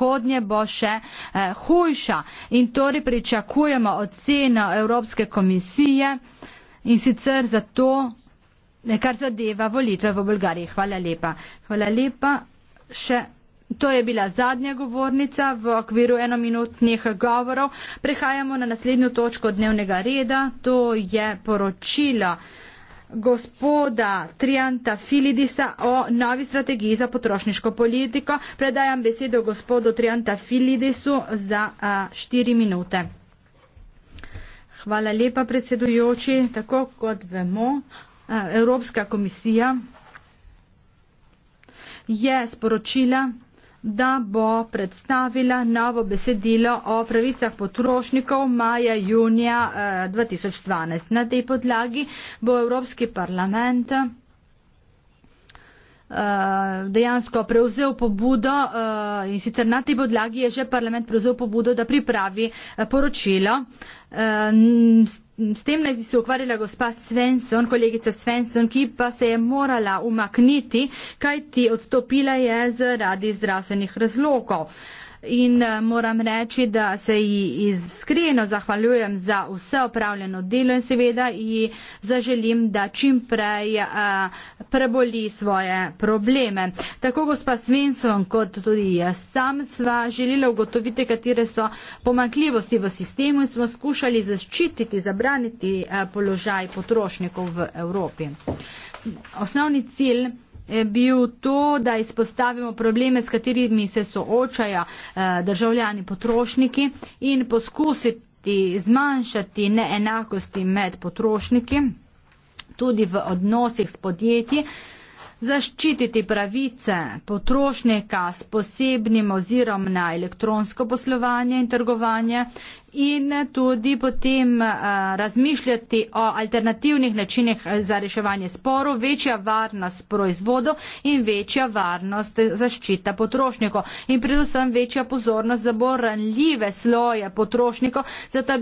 prihodnje bo še eh, hujša in torej pričakujemo oceno Evropske komisije in sicer za to, eh, kar zadeva volitve v Bolgariji. Hvala lepa. Hvala lepa. Še To je bila zadnja govornica v okviru enominutnih govorov. Prehajamo na naslednjo točko dnevnega reda, to je poročilo gospoda Trianta Filidisa o novi strategiji za potrošniško politiko. Predajam besedo gospodu Trianta Filidisu za štiri minute. Hvala lepa, predsedujoči. Tako kot vemo, Evropska komisija je sporočila, da bo predstavila novo besedilo o pravicah potrošnikov maja junija 2012. Eh, na tej podlagi bo Evropski parlament eh, dejansko prevzel pobudo eh, in sicer na tej podlagi je že parlament prevzel pobudo, da pripravi poročilo. S tem naj bi se ukvarjala gospa Svensson, kolegica Svensson, ki pa se je morala umakniti, kaj ti odstopila je zaradi zdravstvenih razlogov. Uh, in eh, moram reči, da se ji iskreno zahvaljujem za vse opravljeno delo in seveda ji zaželim, da čim prej eh, preboli svoje probleme. Tako gospa Svensson kot tudi jaz sam sva želela ugotoviti, katere so pomakljivosti v sistemu in smo skušali zaščititi, zabraniti eh, položaj potrošnikov v Evropi. Osnovni cilj Eh, bil to, da izpostavimo probleme, s katerimi se soočajo eh, državljani potrošniki in poskusiti zmanjšati neenakosti med potrošniki, tudi v odnosih s podjetji, zaščititi pravice potrošnika s posebnim ozirom na elektronsko poslovanje in trgovanje in tudi potem eh, razmišljati o alternativnih načinih eh, za reševanje sporov, večja varnost proizvodov in večja varnost zaščita potrošnikov in predvsem večja pozornost za bolj ranljive sloje potrošnikov, zato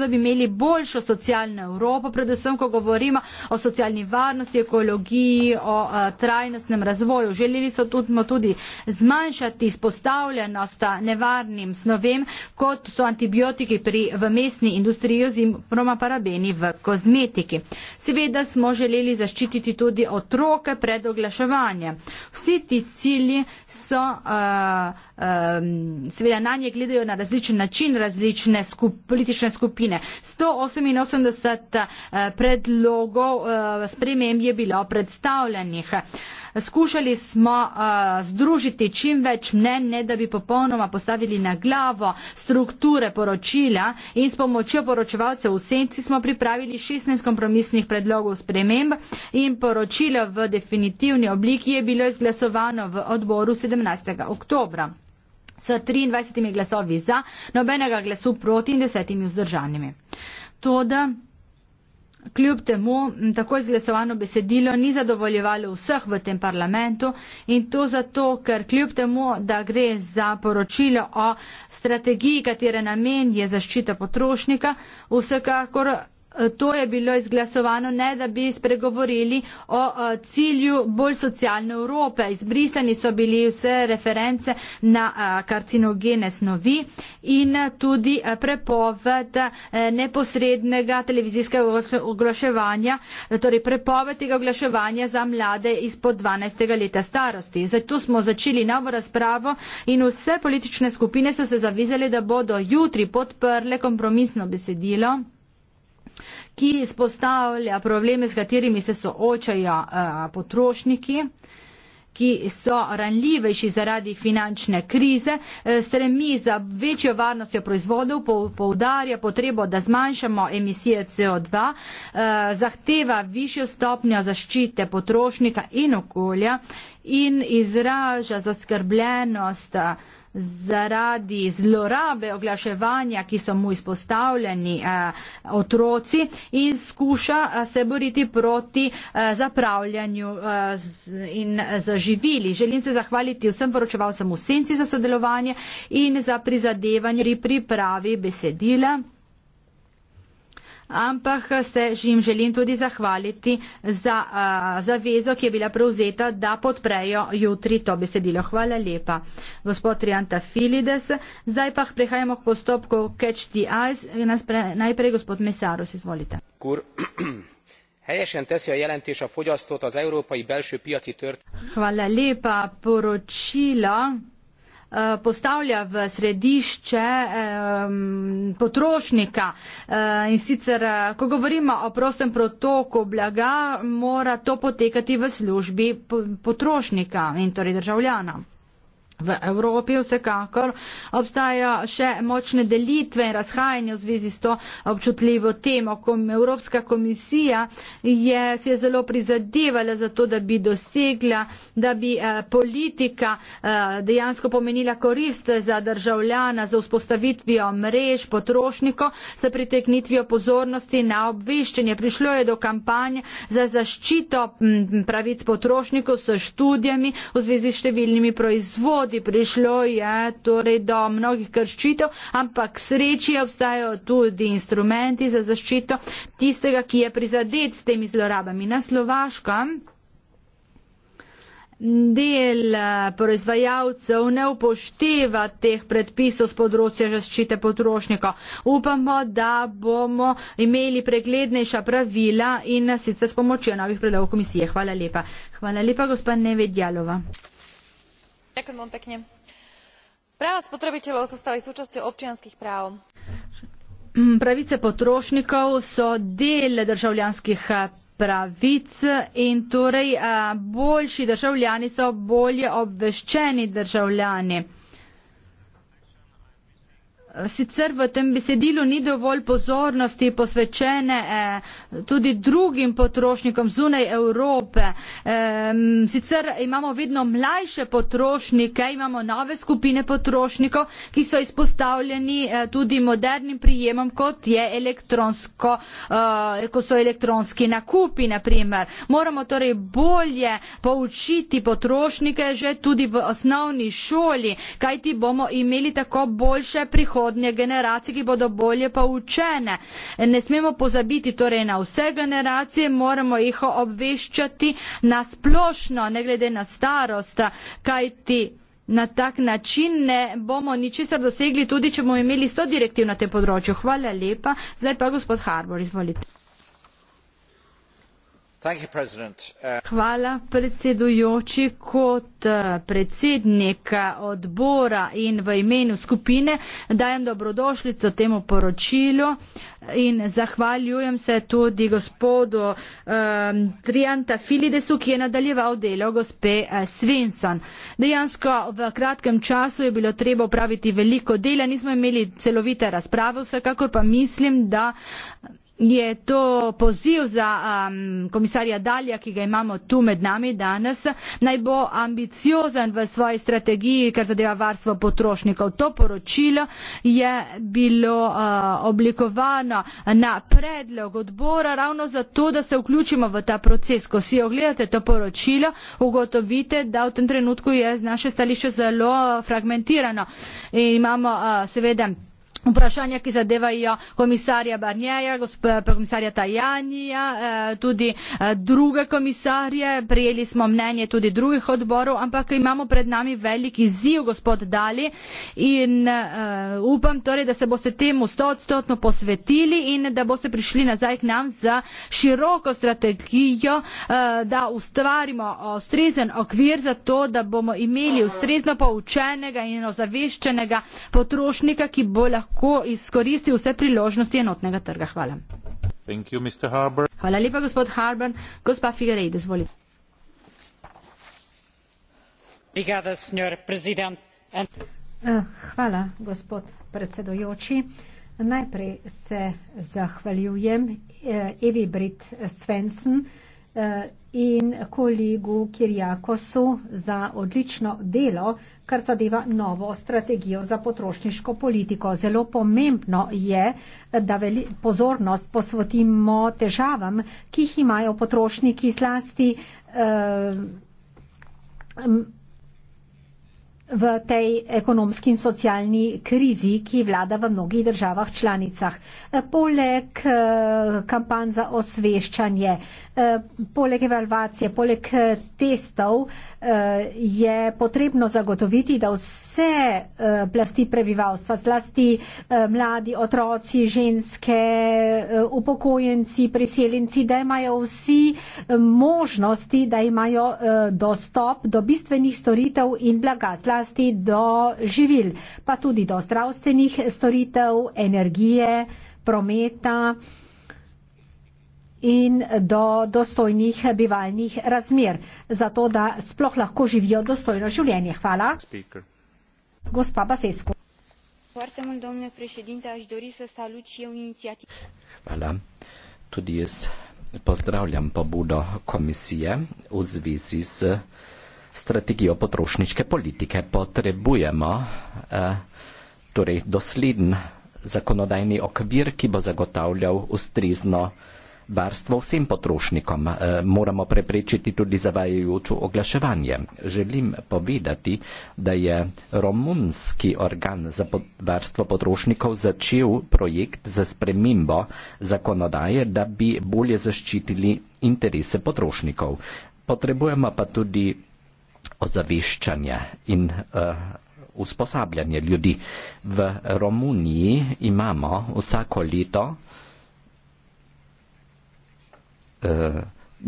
da bi imeli boljšo socialno Evropo, predvsem ko govorimo o socialni varnosti, ekologiji, o eh, trajnostnem razvoju. Želeli so tudi, tudi zmanjšati izpostavljenost nevarnim snovem, kot so antibiotiki, kosmetiki pri, v mestni industriji oziroma parabeni v kozmetiki. Seveda smo želeli zaščititi tudi otroke pred oglaševanjem. Vsi ti cilji so, uh, um, seveda na nje gledajo na različen način različne skup, politične skupine. 188 uh, eh, predlogov uh, sprememb je bilo predstavljenih. Uh, skušali smo eh, združiti čim več mnen, ne da bi popolnoma postavili na glavo strukture poročila in s pomočjo poročevalcev v senci smo pripravili 16 kompromisnih predlogov sprememb in poročilo v definitivni obliki je bilo izglasovano v odboru 17. oktobra s 23 glasovi za, nobenega glasu proti in 10 vzdržanimi. Toda Kljub temu tako izglasovano besedilo ni zadovoljevalo vseh v tem parlamentu in to zato, ker kljub temu, da gre za poročilo o strategiji, katere namen je zaščita potrošnika, vsekakor to je bilo izglasovano, ne da bi spregovorili o eh, cilju bolj socialne Evrope. Izbrisani so bili vse reference na eh, karcinogene snovi in tudi eh, prepoved neposrednega televizijskega oglaševanja, torej prepoved tega oglaševanja za mlade izpod 12. leta starosti. Zato smo začeli novo razpravo in vse politične skupine so se zavizali, da bodo jutri podprle kompromisno besedilo ki izpostavlja probleme, s katerimi se soočajo eh, potrošniki ki so ranljivejši zaradi finančne krize, eh, stremi za večjo varnostjo proizvodov, poudarja potrebo, da zmanjšamo emisije CO2, eh, zahteva višjo stopnjo zaščite potrošnika in okolja in izraža zaskrbljenost zaradi zlorabe oglaševanja, ki so mu izpostavljeni eh, otroci in skuša eh, se boriti proti eh, zapravljanju in zaživili. Želim se zahvaliti vsem poročevalcem v senci za sodelovanje in za prizadevanje pri pripravi besedila ampak eh, se jim želim tudi zahvaliti za eh, zavezo, ki je bila prevzeta, da podprejo jutri to besedilo. Hvala lepa, gospod Trianta Filides. Zdaj pa prehajamo k postopku Catch the Eyes. Najprej gospod Mesaros, izvolite. Kur. Helyesen teszi a jelentés a fogyasztót az európai belső piaci tört. Hvala lépa, porocsila. Eh, postavlja v središče um, potrošnika uh, in sicer, eh, ko govorimo o prostem protoku blaga, mora to potekati v službi potrošnika in torej državljana. V Evropi vsekakor obstajajo še močne delitve in razhajanje v zvezi s to občutljivo temo. Evropska komisija je, si je zelo prizadevala za to, da bi dosegla, da bi eh, politika eh, dejansko pomenila korist za državljana za vzpostavitvijo mrež potrošnikov s pritegnitvijo pozornosti na obveščanje. Prišlo je do kampanje za zaščito pravic potrošnikov s študijami v zvezi s številnimi proizvodi poti prišlo je torej do mnogih krščitev, ampak sreči obstajajo tudi instrumenti za zaščito tistega, ki je prizadet s temi zlorabami. Na Slovaškem del eh, proizvajalcev ne upošteva teh predpisov z področja zaščite potrošnika. Upamo, da bomo imeli preglednejša pravila in sicer s pomočjo novih predlogov komisije. Hvala lepa. Hvala lepa, gospod Nevedjalova práva spotrebiteľov sa stali súčasťou občianskych práv. Mm, pravice potrošnikov so del državljanskih eh, pravic in torej eh, boljši državljani so bolje obveščeni državljani sicer v tem besedilu ni dovolj pozornosti posvečene eh, tudi drugim potrošnikom zunaj Evrope. Sicer imamo vedno mlajše potrošnike, imamo nove skupine potrošnikov, ki so izpostavljeni eh, tudi modernim prijemom, kot je elektronsko, eh, ko so elektronski nakupi, na primer. Moramo torej bolje poučiti potrošnike že tudi v osnovni šoli, kaj ti bomo imeli tako boljše prihodnosti prihodnje generacije, ki bodo bolje pa učene. Ne smemo pozabiti torej na vse generacije, moramo jih obveščati na splošno, ne glede na starost, kaj ti. Na tak način ne bomo ničesar dosegli, tudi če bomo imeli 100 direktiv na tem področju. Hvala lepa. Zdaj pa gospod Harbor, izvolite. Uh, Hvala predsedujoči. Kot uh, predsednik uh, odbora in v imenu skupine dajem dobrodošljico temu poročilu in zahvaljujem se tudi gospodu um, Trianta Filidesu, ki je nadaljeval delo gospe Svinson. Dejansko v kratkem času je bilo treba upraviti veliko dela, nismo imeli celovite razprave, vsekakor pa mislim, da je to poziv za um, komisarja Dalja, ki ga imamo tu med nami danes, naj bo ambiciozen v svoji strategiji, kar zadeva varstvo potrošnikov. To poročilo je bilo uh, oblikovano na predlog odbora ravno zato, da se vključimo v ta proces. Ko si ogledate to poročilo, ugotovite, da v tem trenutku je naše stališče zelo fragmentirano. In imamo uh, seveda vprašanja, ki zadevajo komisarja Barnjeja, komisarja Tajanija, eh, tudi eh, druge komisarje, prijeli smo mnenje tudi drugih odborov, ampak imamo pred nami veliki ziv, gospod Dali, in eh, upam torej, da se boste temu stotstotno posvetili in da boste prišli nazaj k nam za široko strategijo, da ustvarimo ustrezen okvir za to, da bomo imeli ustrezno poučenega in ozaveščenega potrošnika, ki bo lahko lahko izkoristi vse priložnosti enotnega trga. Hvala. You, Hvala lepa, gospod Harbour. Gospa Figarej, izvolite. Eh, hvala, gospod predsedojoči. Najprej se zahvaljujem eh, Evi Brit Svensen. Eh, in kolegu Kirjakosu za odlično delo, kar zadeva novo strategijo za potrošniško politiko. Zelo pomembno je, da pozornost posvetimo težavam, ki jih imajo potrošniki zlasti. Uh, v tej ekonomski in socialni krizi, ki vlada v mnogih državah članicah. E, poleg e, kampanj za osveščanje, e, poleg evalvacije, poleg testov je potrebno zagotoviti, da vse plasti prebivalstva, zlasti mladi, otroci, ženske, upokojenci, priseljenci, da imajo vsi možnosti, da imajo dostop do bistvenih storitev in blaga. Zlasti zlasti do živil, pa tudi do zdravstvenih storitev, energije, prometa in do dostojnih bivalnih razmer, zato da sploh lahko živijo dostojno življenje. Hvala. Speaker. Gospa Basesko. Hvala. Tudi jaz pozdravljam pobudo komisije v zvezi z strategijo potrošniške politike potrebujemo, eh, torej dosleden zakonodajni okvir, ki bo zagotavljal ustrezno varstvo vsem potrošnikom. Eh, moramo preprečiti tudi zavajajoče oglaševanje. Želim povedati, da je romunski organ za varstvo potrošnikov začel projekt za spremembo zakonodaje, da bi bolje zaščitili interese potrošnikov. Potrebujemo pa tudi ozaveščanje in uh, usposabljanje ljudi. V Romuniji imamo vsako leto uh,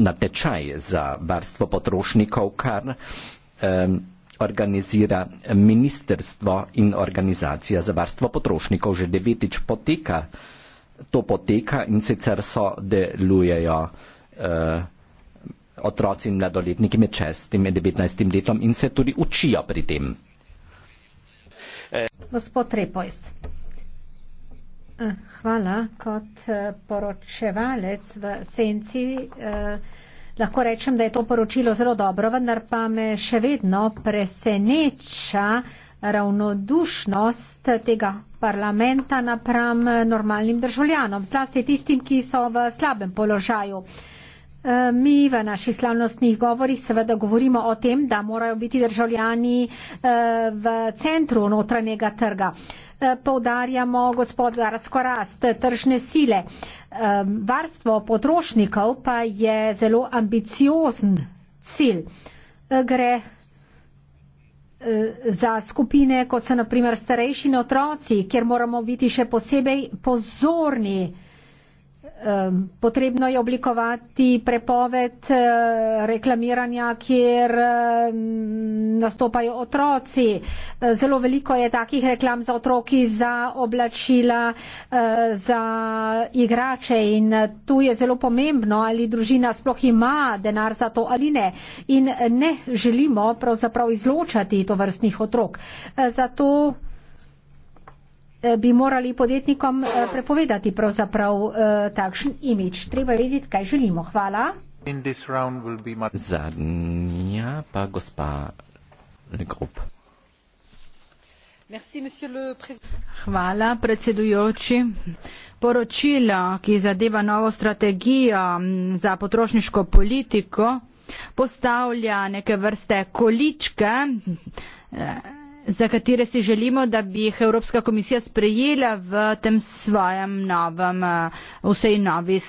natečaj za varstvo potrošnikov, kar um, organizira ministrstvo in organizacija za varstvo potrošnikov. Že devetič poteka, to poteka in sicer so delujejo uh, otroci in mladoletniki med 6. in 19. letom in se tudi učijo pri tem. Gospod Repojs. Eh, hvala. Kot eh, poročevalec v senci eh, lahko rečem, da je to poročilo zelo dobro, vendar pa me še vedno preseneča ravnodušnost tega parlamenta napram normalnim državljanom, zlasti tistim, ki so v slabem položaju. Eh, mi v naših slavnostnih govorih seveda govorimo o tem, da morajo biti državljani eh, v centru notranjega trga. Eh, poudarjamo gospodarsko rast, tržne sile. Varstvo potrošnikov pa je zelo ambiciozen cilj. Gre za skupine, kot so naprimer starejši in otroci, kjer moramo biti še posebej pozorni. Potrebno je oblikovati prepoved eh, reklamiranja, kjer nastopajo otroci. Eh, zelo veliko je takih reklam za otroki, za oblačila, eh, za igrače in tu je zelo pomembno, ali družina sploh ima denar za to ali ne. In ne želimo pravzaprav izločati to vrstnih otrok. Zato Eh, bi morali podjetnikom eh, prepovedati pravzaprav eh, takšen imič. Treba vedeti, kaj želimo. Hvala. Zadnja pa gospa Legrup. Hvala, predsedujoči. Poročila, ki zadeva novo strategijo za potrošniško politiko, postavlja neke vrste količke. Eh, za katere si želimo, da bi jih Evropska komisija sprejela v tem svojem novem, eh, vsej novi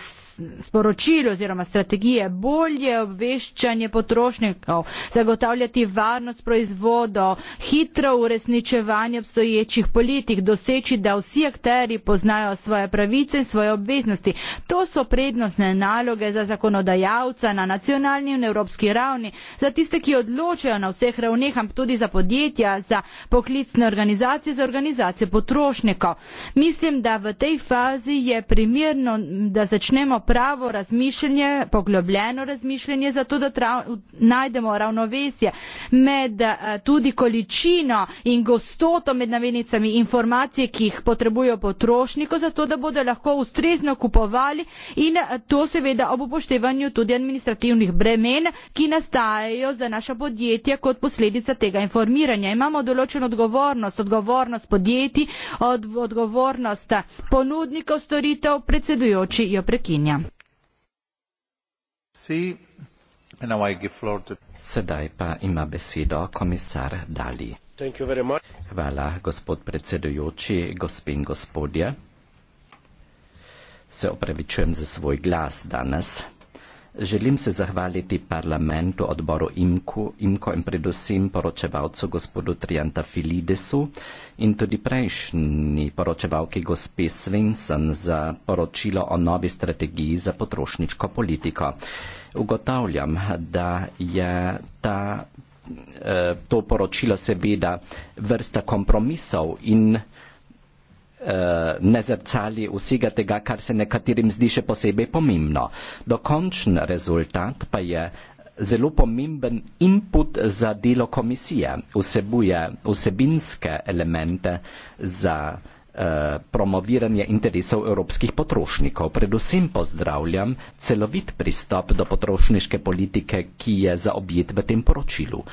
sporočilo oziroma strategije bolje obveščanje potrošnikov, zagotavljati varnost proizvodov, hitro uresničevanje obstoječih politik, doseči, da vsi akteri poznajo svoje pravice in svoje obveznosti. To so prednostne naloge za zakonodajalca na nacionalni in evropski ravni, za tiste, ki odločajo na vseh ravneh, ampak tudi za podjetja, za poklicne organizacije, za organizacije potrošnikov. Mislim, da v tej fazi je primerno, da začnemo pravo razmišljanje, poglobljeno razmišljanje, zato da najdemo ravnovesje med eh, tudi količino in gostoto med navenicami informacije, ki jih potrebujo potrošniko, zato da bodo lahko ustrezno kupovali in eh, to seveda ob upoštevanju tudi administrativnih bremen, ki nastajajo za naša podjetja kot posledica tega informiranja. Imamo določeno odgovornost, odgovornost podjetij, odgovornost ponudnikov storitev, predsedujoči jo prekinja. Sedaj pa ima besedo komisar Dali. Hvala, gospod predsedujoči, gospe in gospodje. Se opravičujem za svoj glas danes. Želim se zahvaliti parlamentu, odboru IMKU, IMKO in predvsem poročevalcu gospodu Trianta Filidesu in tudi prejšnji poročevalki gospe Svensson za poročilo o novi strategiji za potrošniško politiko. Ugotavljam, da je ta, eh, to poročilo seveda vrsta kompromisov in Eh, ne zrcali vsega tega, kar se nekaterim zdi še posebej pomembno. Dokončen rezultat pa je zelo pomemben input za delo komisije. Vsebuje vsebinske elemente za eh, promoviranje interesov evropskih potrošnikov. Predvsem pozdravljam celovit pristop do potrošniške politike, ki je zaobjet v tem poročilu.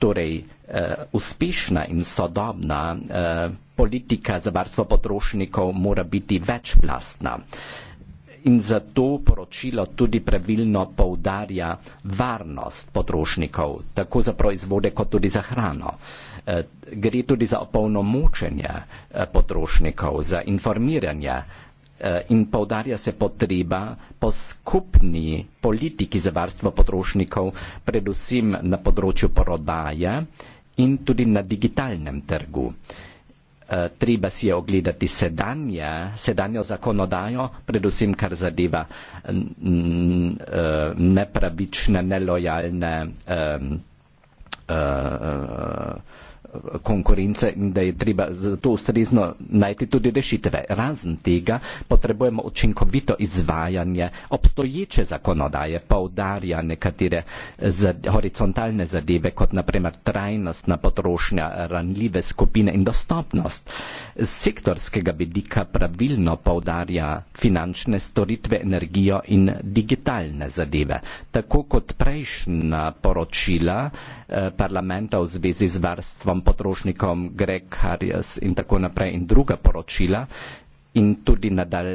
Torej, Eh, uspešna in sodobna eh, politika za varstvo potrošnikov mora biti večplastna. In zato poročilo tudi pravilno poudarja varnost potrošnikov, tako za proizvode kot tudi za hrano. Eh, gre tudi za opolnomočenje potrošnikov, za informiranje in poudarja se potreba po skupni politiki za varstvo potrošnikov, predvsem na področju prodaje in tudi na digitalnem trgu. Eh, treba si je ogledati sedanja, sedanjo zakonodajo, predvsem kar zadeva eh, nepravične, nelojalne uh, uh, uh, konkurence in da je treba zato ustrezno najti tudi rešitve. Razen tega potrebujemo učinkovito izvajanje obstoječe zakonodaje, poudarja nekatere horizontalne zadeve, kot naprimer trajnostna potrošnja, ranljive skupine in dostopnost. Z sektorskega vidika pravilno poudarja finančne storitve, energijo in digitalne zadeve. Tako kot prejšnja poročila eh, parlamenta v zvezi z varstvom potrošnikom, Greg, Harjas in tako naprej in druga poročila in tudi, nadal,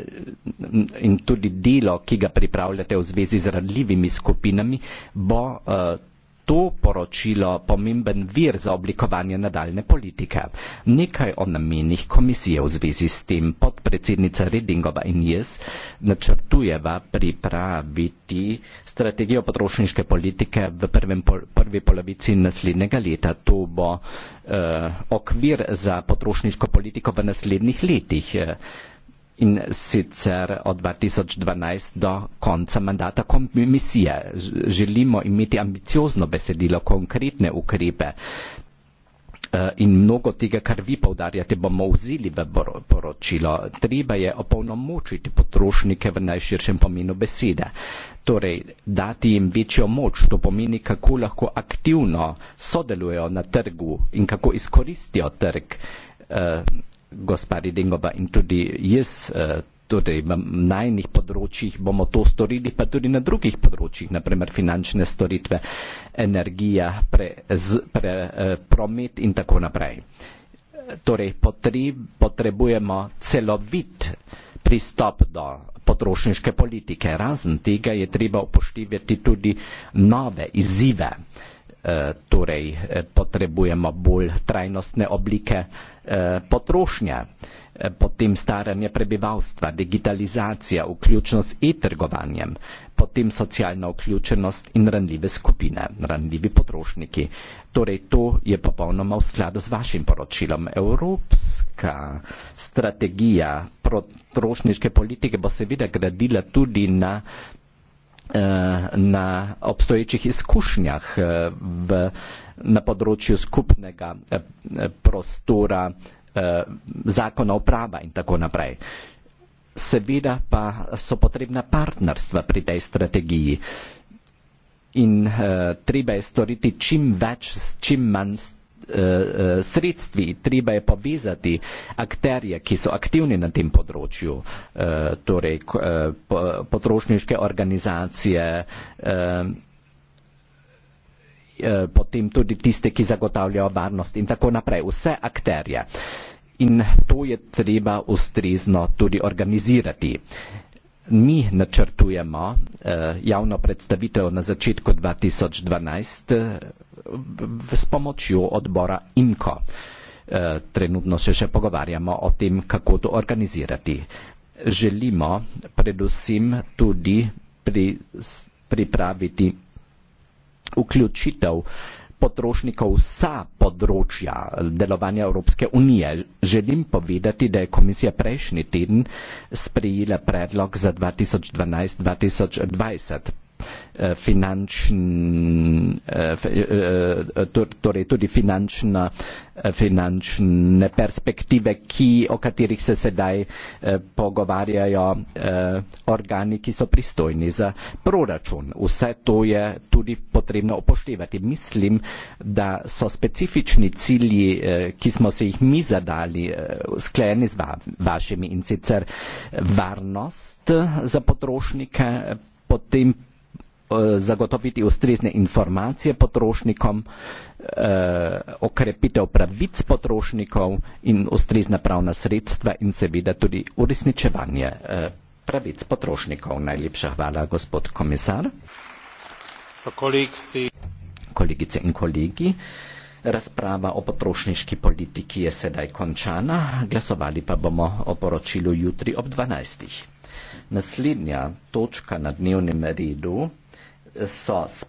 in tudi delo, ki ga pripravljate v zvezi z radljivimi skupinami, bo uh, to poročilo pomemben vir za oblikovanje nadaljne politike. Nekaj o namenih komisije v zvezi s tem podpredsednica Redingova in jaz načrtujeva pripraviti strategijo potrošniške politike v prvem, prvi polovici naslednjega leta. To bo eh, okvir za potrošniško politiko v naslednjih letih. Eh, in sicer od 2012 do konca mandata komisije. Želimo imeti ambiciozno besedilo, konkretne ukrepe eh, in mnogo tega, kar vi povdarjate, bomo vzeli v poročilo. Treba je opolnomočiti potrošnike v najširšem pomenu besede. Torej, dati jim večjo moč, to pomeni, kako lahko aktivno sodelujejo na trgu in kako izkoristijo trg. Eh, gospari Dengova in tudi jaz, eh, torej v najnih področjih bomo to storili, pa tudi na drugih področjih, naprimer finančne storitve, energija, pre, z, pre, eh, promet in tako naprej. Torej potreb, potrebujemo celovit pristop do potrošniške politike. Razen tega je treba upoštevati tudi nove izzive. Eh, torej eh, potrebujemo bolj trajnostne oblike eh, potrošnje, potem staranje prebivalstva, digitalizacija, vključnost e-trgovanjem, potem socialna vključenost in ranljive skupine, ranljivi potrošniki. Torej, to je popolnoma v skladu z vašim poročilom. Evropska strategija potrošniške politike bo seveda gradila tudi na Eh, na obstoječih izkušnjah eh, v, na področju skupnega eh, prostora, zakona uprava in tako naprej. Seveda pa so potrebna partnerstva pri tej strategiji in uh, treba je storiti čim več, čim manj uh, sredstvi, treba je povezati akterje, ki so aktivni na tem področju, uh, torej uh, potrošniške organizacije, uh, potem tudi tiste, ki zagotavljajo varnost in tako naprej, vse akterje. In to je treba ustrezno tudi organizirati. Mi načrtujemo eh, javno predstavitev na začetku 2012 eh, s pomočjo odbora IMKO. Eh, trenutno se še pogovarjamo o tem, kako to organizirati. Želimo predvsem tudi pri, pripraviti vključitev potrošnikov vsa področja delovanja Evropske unije. Želim povedati, da je komisija prejšnji teden sprejela predlog za 2012-2020. Eh, finančn, eh, eh, torej tudi finančna, finančne perspektive, ki, o katerih se sedaj pogovarjajo organi, ki so pristojni za proračun. Vse to je tudi potrebno upoštevati. Mislim, da so specifični cilji, ki smo se jih mi zadali, sklenjeni z vašimi in sicer varnost za potrošnike, potem Eh, zagotoviti ustrezne informacije potrošnikom, eh, okrepitev pravic potrošnikov in ustrezna pravna sredstva in seveda tudi uresničevanje eh, pravic potrošnikov. Najlepša hvala, gospod komisar. Kolegice in kolegi, razprava o potrošniški politiki je sedaj končana, glasovali pa bomo o poročilu jutri ob 12. Naslednja točka na dnevnem redu SOS.